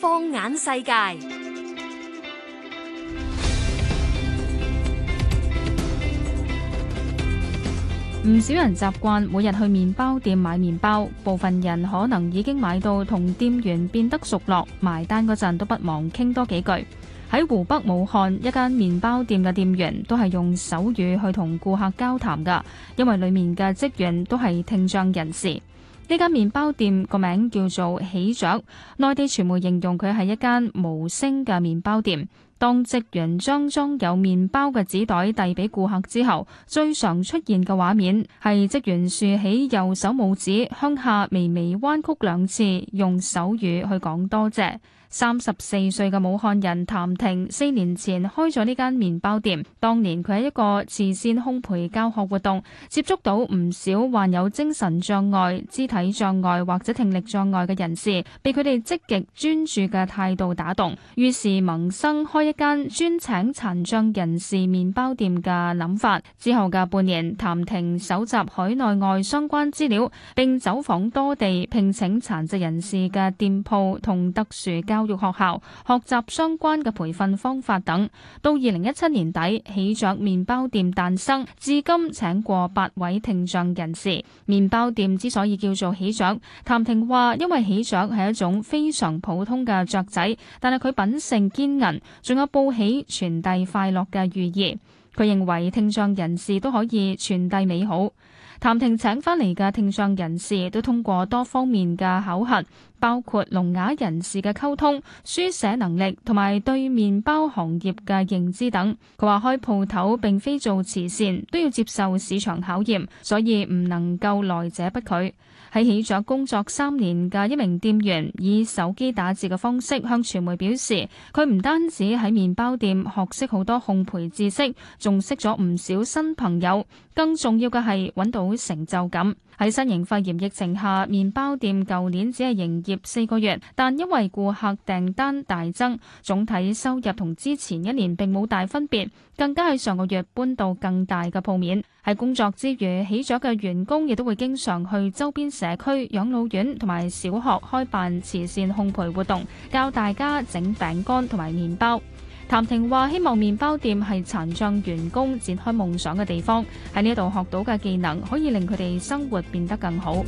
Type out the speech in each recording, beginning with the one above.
放眼世界，唔少人習慣每日去麵包店買麵包。部分人可能已經買到同店員變得熟落，埋單嗰陣都不忘傾多幾句。喺湖北武漢一間麵包店嘅店員都係用手語去同顧客交談㗎，因為裏面嘅職員都係聽障人士。呢間麵包店個名叫做喜雀，內地傳媒形容佢係一間無聲嘅麵包店。當職員將裝有麵包嘅紙袋遞俾顧客之後，最常出現嘅畫面係職員豎起右手拇指，向下微微彎曲兩次，用手語去講多謝。三十四歲嘅武漢人譚婷四年前開咗呢間麵包店。當年佢喺一個慈善烘焙教學活動接觸到唔少患有精神障礙、肢體障礙或者聽力障礙嘅人士，被佢哋積極專注嘅態度打動，於是萌生開一間專請殘障人士麵包店嘅諗法，之後嘅半年，譚婷搜集海內外相關資料，並走訪多地聘請殘疾人士嘅店鋪同特殊教育學校，學習相關嘅培訓方法等。到二零一七年底，喜雀麵包店誕生，至今請過八位聽障人士。麵包店之所以叫做喜雀，譚婷話因為喜雀係一種非常普通嘅雀仔，但係佢品性堅韌，包起傳遞快樂嘅寓意，佢認為聽障人士都可以傳遞美好。譚婷請返嚟嘅聽障人士都通過多方面嘅考核。包括聾啞人士嘅溝通、書寫能力同埋對麵包行業嘅認知等。佢話開鋪頭並非做慈善，都要接受市場考驗，所以唔能夠來者不拒。喺起咗工作三年嘅一名店員以手機打字嘅方式向傳媒表示，佢唔單止喺麵包店學識好多烘焙知識，仲識咗唔少新朋友。更重要嘅係揾到成就感。喺新型肺炎疫情下，麵包店舊年只係營業。四個月，但因為顧客訂單大增，總體收入同之前一年並冇大分別，更加係上個月搬到更大嘅鋪面。喺工作之餘，起咗嘅員工亦都會經常去周邊社區、養老院同埋小學開辦慈善烘焙活動，教大家整餅乾同埋麵包。譚婷話：希望麵包店係殘障員工展開夢想嘅地方，喺呢度學到嘅技能可以令佢哋生活變得更好。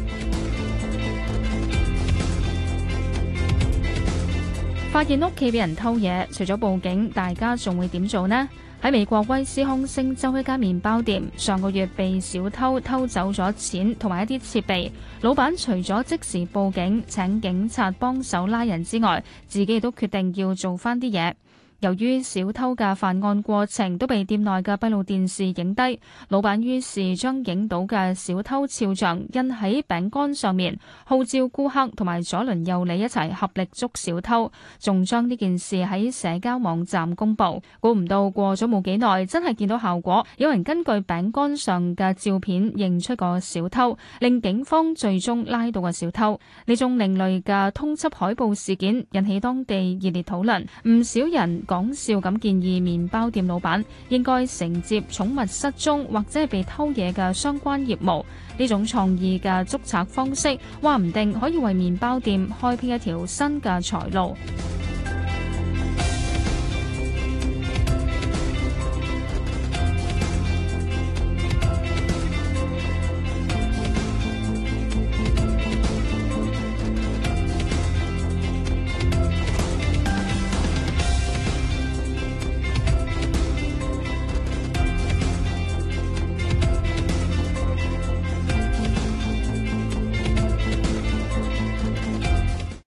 發現屋企畀人偷嘢，除咗報警，大家仲會點做呢？喺美國威斯康星州一間麵包店，上個月被小偷偷走咗錢同埋一啲設備，老闆除咗即時報警，請警察幫手拉人之外，自己亦都決定要做翻啲嘢。由於小偷嘅犯案過程都被店內嘅閉路電視影低，老闆於是將影到嘅小偷肖像印喺餅乾上面，號召顧客同埋左鄰右里一齊合力捉小偷，仲將呢件事喺社交網站公布，估唔到過咗冇幾耐，真係見到效果，有人根據餅乾上嘅照片認出個小偷，令警方最終拉到個小偷。呢種另類嘅通緝海報事件引起當地熱烈討論，唔少人講笑咁建議麵包店老闆應該承接寵物失蹤或者係被偷嘢嘅相關業務，呢種創意嘅捉賊方式，話唔定可以為麵包店開闢一條新嘅財路。